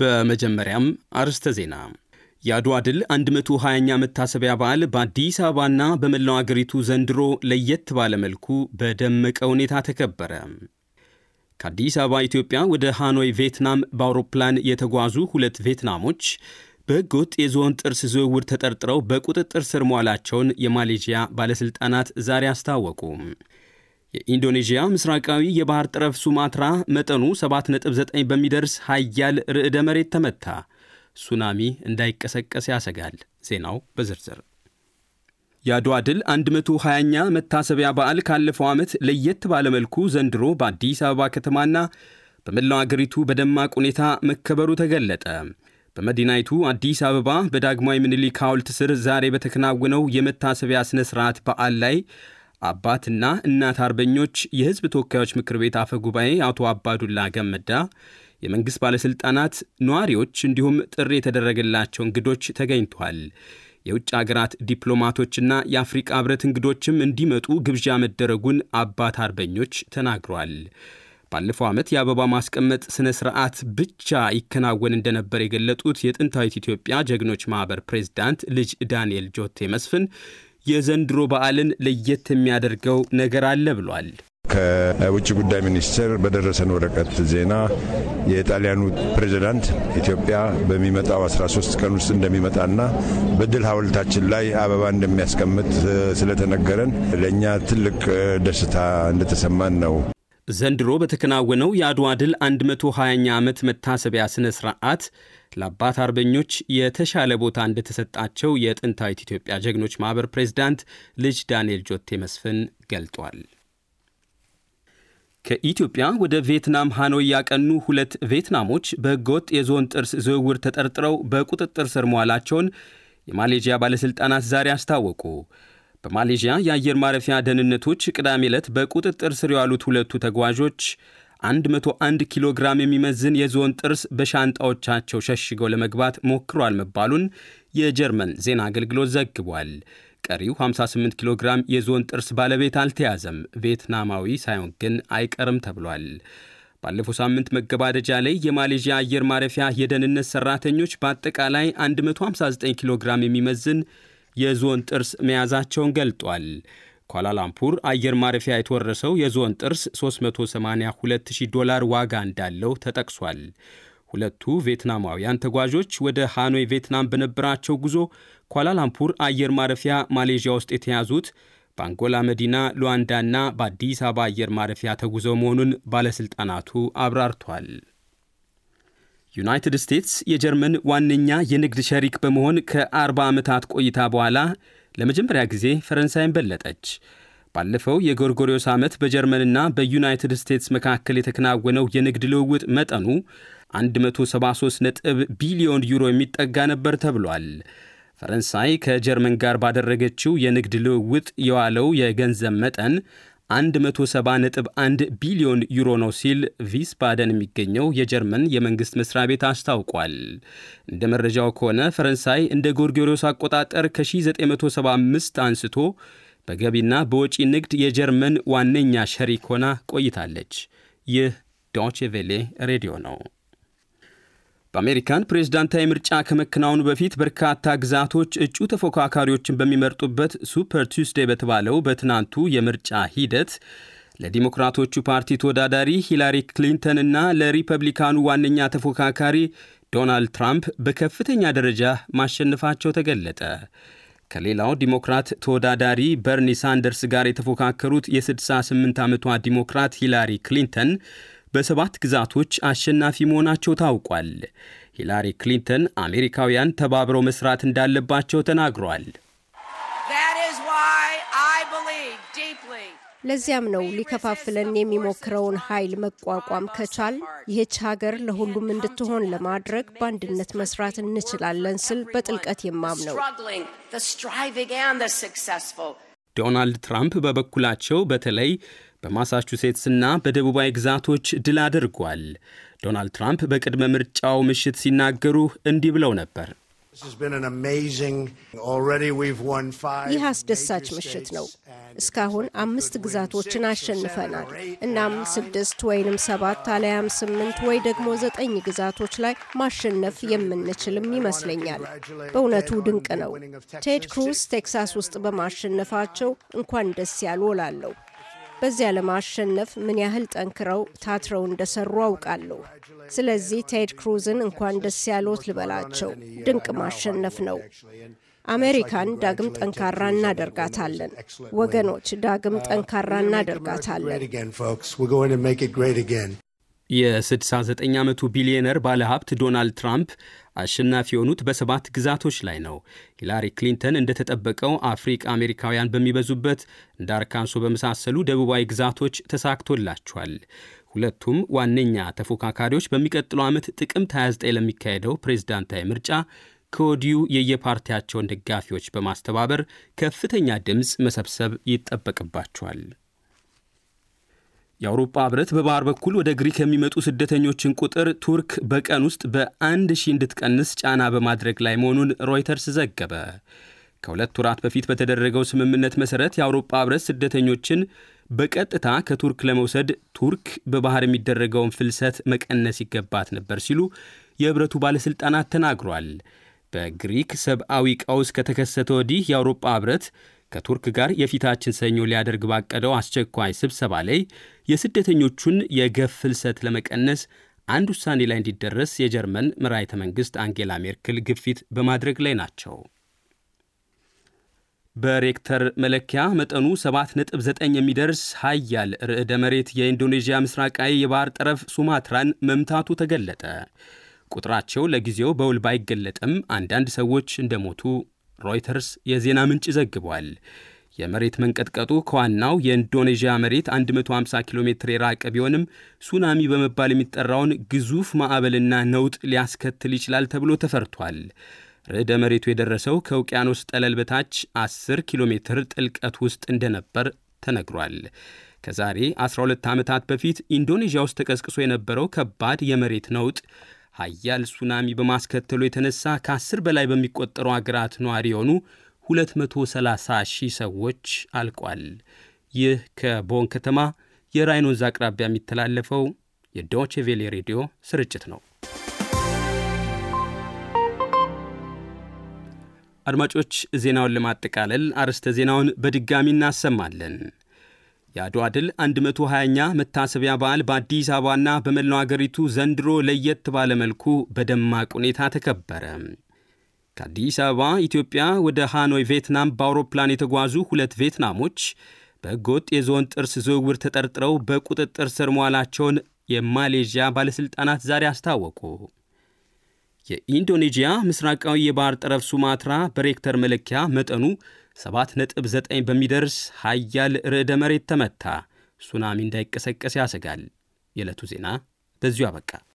በመጀመሪያም አርስተ ዜና የአድዋ ድል 120ኛ መታሰቢያ በዓል በአዲስ አበባና በመላው አገሪቱ ዘንድሮ ለየት ባለመልኩ በደመቀ ሁኔታ ተከበረ። ከአዲስ አበባ ኢትዮጵያ ወደ ሃኖይ ቪየትናም በአውሮፕላን የተጓዙ ሁለት ቪየትናሞች በሕገወጥ የዝሆን ጥርስ ዝውውር ተጠርጥረው በቁጥጥር ስር መዋላቸውን የማሌዥያ ባለሥልጣናት ዛሬ አስታወቁ። የኢንዶኔዥያ ምስራቃዊ የባህር ጠረፍ ሱማትራ መጠኑ 7.9 በሚደርስ ኃያል ርዕደ መሬት ተመታ። ሱናሚ እንዳይቀሰቀስ ያሰጋል። ዜናው በዝርዝር የአድዋ ድል 120ኛ መታሰቢያ በዓል ካለፈው ዓመት ለየት ባለመልኩ ዘንድሮ በአዲስ አበባ ከተማና በመላው አገሪቱ በደማቅ ሁኔታ መከበሩ ተገለጠ። በመዲናይቱ አዲስ አበባ በዳግማዊ ምኒልክ ሐውልት ስር ዛሬ በተከናወነው የመታሰቢያ ሥነ ሥርዓት በዓል ላይ አባትና እናት አርበኞች የህዝብ ተወካዮች ምክር ቤት አፈ ጉባኤ አቶ አባዱላ ገመዳ የመንግሥት ባለሥልጣናት፣ ነዋሪዎች እንዲሁም ጥሪ የተደረገላቸው እንግዶች ተገኝተዋል። የውጭ አገራት ዲፕሎማቶችና የአፍሪቃ ህብረት እንግዶችም እንዲመጡ ግብዣ መደረጉን አባት አርበኞች ተናግሯል። ባለፈው ዓመት የአበባ ማስቀመጥ ሥነ ሥርዓት ብቻ ይከናወን እንደነበር የገለጡት የጥንታዊት ኢትዮጵያ ጀግኖች ማኅበር ፕሬዝዳንት ልጅ ዳንኤል ጆቴ መስፍን የዘንድሮ በዓልን ለየት የሚያደርገው ነገር አለ ብሏል። ከውጭ ጉዳይ ሚኒስቴር በደረሰን ወረቀት ዜና የጣሊያኑ ፕሬዚዳንት ኢትዮጵያ በሚመጣው 13 ቀን ውስጥ እንደሚመጣና በድል ሐውልታችን ላይ አበባ እንደሚያስቀምጥ ስለተነገረን ለእኛ ትልቅ ደስታ እንደተሰማን ነው። ዘንድሮ በተከናወነው የአድዋ ድል 120ኛ ዓመት መታሰቢያ ስነ ለአባት አርበኞች የተሻለ ቦታ እንደተሰጣቸው የጥንታዊት ኢትዮጵያ ጀግኖች ማኅበር ፕሬዝዳንት ልጅ ዳንኤል ጆቴ መስፍን ገልጧል። ከኢትዮጵያ ወደ ቪየትናም ሃኖይ ያቀኑ ሁለት ቪየትናሞች በህገወጥ የዝሆን ጥርስ ዝውውር ተጠርጥረው በቁጥጥር ስር መዋላቸውን የማሌዥያ ባለሥልጣናት ዛሬ አስታወቁ። በማሌዥያ የአየር ማረፊያ ደህንነቶች ቅዳሜ ዕለት በቁጥጥር ስር የዋሉት ሁለቱ ተጓዦች 101 ኪሎ ግራም የሚመዝን የዝሆን ጥርስ በሻንጣዎቻቸው ሸሽገው ለመግባት ሞክሯል መባሉን የጀርመን ዜና አገልግሎት ዘግቧል። ቀሪው 58 ኪሎ ግራም የዝሆን ጥርስ ባለቤት አልተያዘም። ቬትናማዊ ሳይሆን ግን አይቀርም ተብሏል። ባለፈው ሳምንት መገባደጃ ላይ የማሌዥያ አየር ማረፊያ የደህንነት ሰራተኞች በአጠቃላይ 159 ኪሎ ግራም የሚመዝን የዝሆን ጥርስ መያዛቸውን ገልጧል። ኳላላምፑር አየር ማረፊያ የተወረሰው የዞን ጥርስ 382000 ዶላር ዋጋ እንዳለው ተጠቅሷል። ሁለቱ ቬትናማውያን ተጓዦች ወደ ሃኖይ ቪየትናም በነበራቸው ጉዞ ኳላላምፑር አየር ማረፊያ ማሌዥያ ውስጥ የተያዙት በአንጎላ መዲና ሉዋንዳና በአዲስ አበባ አየር ማረፊያ ተጉዘው መሆኑን ባለሥልጣናቱ አብራርቷል። ዩናይትድ ስቴትስ የጀርመን ዋነኛ የንግድ ሸሪክ በመሆን ከ40 ዓመታት ቆይታ በኋላ ለመጀመሪያ ጊዜ ፈረንሳይን በለጠች። ባለፈው የጎርጎሪዮስ ዓመት በጀርመንና በዩናይትድ ስቴትስ መካከል የተከናወነው የንግድ ልውውጥ መጠኑ 173 ነጥብ ቢሊዮን ዩሮ የሚጠጋ ነበር ተብሏል። ፈረንሳይ ከጀርመን ጋር ባደረገችው የንግድ ልውውጥ የዋለው የገንዘብ መጠን 170.1 ቢሊዮን ዩሮ ነው ሲል ቪስባደን የሚገኘው የጀርመን የመንግስት መስሪያ ቤት አስታውቋል። እንደ መረጃው ከሆነ ፈረንሳይ እንደ ጎርጎሪዮስ አቆጣጠር ከ1975 አንስቶ በገቢና በወጪ ንግድ የጀርመን ዋነኛ ሸሪክ ሆና ቆይታለች። ይህ ዶችቬሌ ሬዲዮ ነው። በአሜሪካን ፕሬዝዳንታዊ ምርጫ ከመከናወኑ በፊት በርካታ ግዛቶች እጩ ተፎካካሪዎችን በሚመርጡበት ሱፐር ቱስዴ በተባለው በትናንቱ የምርጫ ሂደት ለዲሞክራቶቹ ፓርቲ ተወዳዳሪ ሂላሪ ክሊንተን እና ለሪፐብሊካኑ ዋነኛ ተፎካካሪ ዶናልድ ትራምፕ በከፍተኛ ደረጃ ማሸነፋቸው ተገለጠ። ከሌላው ዲሞክራት ተወዳዳሪ በርኒ ሳንደርስ ጋር የተፎካከሩት የ68 ዓመቷ ዲሞክራት ሂላሪ ክሊንተን በሰባት ግዛቶች አሸናፊ መሆናቸው ታውቋል። ሂላሪ ክሊንተን አሜሪካውያን ተባብረው መስራት እንዳለባቸው ተናግሯል። ለዚያም ነው ሊከፋፍለን የሚሞክረውን ኃይል መቋቋም ከቻል ይህች ሀገር ለሁሉም እንድትሆን ለማድረግ በአንድነት መስራት እንችላለን ስል በጥልቀት የማም ነው። ዶናልድ ትራምፕ በበኩላቸው በተለይ በማሳቹሴትስና በደቡባዊ ግዛቶች ድል አድርጓል። ዶናልድ ትራምፕ በቅድመ ምርጫው ምሽት ሲናገሩ እንዲህ ብለው ነበር። ይህ አስደሳች ምሽት ነው። እስካሁን አምስት ግዛቶችን አሸንፈናል። እናም ስድስት ወይንም ሰባት አለያም ስምንት ወይ ደግሞ ዘጠኝ ግዛቶች ላይ ማሸነፍ የምንችልም ይመስለኛል። በእውነቱ ድንቅ ነው። ቴድ ክሩዝ ቴክሳስ ውስጥ በማሸነፋቸው እንኳን ደስ ያሉ እላለሁ። በዚያ ለማሸነፍ ምን ያህል ጠንክረው ታትረው እንደሰሩ አውቃለሁ። ስለዚህ ቴድ ክሩዝን እንኳን ደስ ያሎት ልበላቸው። ድንቅ ማሸነፍ ነው። አሜሪካን ዳግም ጠንካራ እናደርጋታለን። ወገኖች፣ ዳግም ጠንካራ እናደርጋታለን። የ69 ዓመቱ ቢሊዮነር ባለሀብት ዶናልድ ትራምፕ አሸናፊ የሆኑት በሰባት ግዛቶች ላይ ነው። ሂላሪ ክሊንተን እንደተጠበቀው አፍሪቃ አሜሪካውያን በሚበዙበት እንደ አርካንሶ በመሳሰሉ ደቡባዊ ግዛቶች ተሳክቶላቸዋል። ሁለቱም ዋነኛ ተፎካካሪዎች በሚቀጥለው ዓመት ጥቅምት 29 ለሚካሄደው ፕሬዝዳንታዊ ምርጫ ከወዲሁ የየፓርቲያቸውን ደጋፊዎች በማስተባበር ከፍተኛ ድምፅ መሰብሰብ ይጠበቅባቸዋል። የአውሮፓ ህብረት በባህር በኩል ወደ ግሪክ የሚመጡ ስደተኞችን ቁጥር ቱርክ በቀን ውስጥ በአንድ ሺህ እንድትቀንስ ጫና በማድረግ ላይ መሆኑን ሮይተርስ ዘገበ። ከሁለት ወራት በፊት በተደረገው ስምምነት መሠረት የአውሮፓ ህብረት ስደተኞችን በቀጥታ ከቱርክ ለመውሰድ ቱርክ በባህር የሚደረገውን ፍልሰት መቀነስ ይገባት ነበር ሲሉ የህብረቱ ባለሥልጣናት ተናግሯል። በግሪክ ሰብአዊ ቀውስ ከተከሰተ ወዲህ የአውሮፓ ህብረት ከቱርክ ጋር የፊታችን ሰኞ ሊያደርግ ባቀደው አስቸኳይ ስብሰባ ላይ የስደተኞቹን የገፍ ፍልሰት ለመቀነስ አንድ ውሳኔ ላይ እንዲደረስ የጀርመን መራሒተ መንግሥት አንጌላ ሜርክል ግፊት በማድረግ ላይ ናቸው። በሬክተር መለኪያ መጠኑ 7.9 የሚደርስ ኃያል ርዕደ መሬት የኢንዶኔዥያ ምስራቃዊ የባህር ጠረፍ ሱማትራን መምታቱ ተገለጠ። ቁጥራቸው ለጊዜው በውል ባይገለጥም አንዳንድ ሰዎች እንደሞቱ ሮይተርስ የዜና ምንጭ ዘግቧል። የመሬት መንቀጥቀጡ ከዋናው የኢንዶኔዥያ መሬት 150 ኪሎ ሜትር የራቀ ቢሆንም ሱናሚ በመባል የሚጠራውን ግዙፍ ማዕበልና ነውጥ ሊያስከትል ይችላል ተብሎ ተፈርቷል። ርዕደ መሬቱ የደረሰው ከውቅያኖስ ጠለል በታች 10 ኪሎ ሜትር ጥልቀት ውስጥ እንደነበር ተነግሯል። ከዛሬ 12 ዓመታት በፊት ኢንዶኔዥያ ውስጥ ተቀስቅሶ የነበረው ከባድ የመሬት ነውጥ ሀያል ሱናሚ በማስከተሉ የተነሳ ከ10 በላይ በሚቆጠሩ አገራት ነዋሪ የሆኑ 230 ሺህ ሰዎች አልቋል። ይህ ከቦን ከተማ የራይን ወንዝ አቅራቢያ የሚተላለፈው የዶቼ ቬሌ ሬዲዮ ስርጭት ነው። አድማጮች፣ ዜናውን ለማጠቃለል አርዕስተ ዜናውን በድጋሚ እናሰማለን። የአድዋ ድል 120ኛ መታሰቢያ በዓል በአዲስ አበባና በመላው አገሪቱ ዘንድሮ ለየት ባለ መልኩ በደማቅ ሁኔታ ተከበረ። ከአዲስ አበባ ኢትዮጵያ ወደ ሃኖይ ቪየትናም በአውሮፕላን የተጓዙ ሁለት ቪየትናሞች በሕገወጥ የዝሆን ጥርስ ዝውውር ተጠርጥረው በቁጥጥር ስር መዋላቸውን የማሌዥያ ባለሥልጣናት ዛሬ አስታወቁ። የኢንዶኔዥያ ምስራቃዊ የባህር ጠረፍ ሱማትራ በሬክተር መለኪያ መጠኑ 7.9 በሚደርስ ኃያል ርዕደ መሬት ተመታ። ሱናሚ እንዳይቀሰቀስ ያሰጋል። የዕለቱ ዜና በዚሁ አበቃ።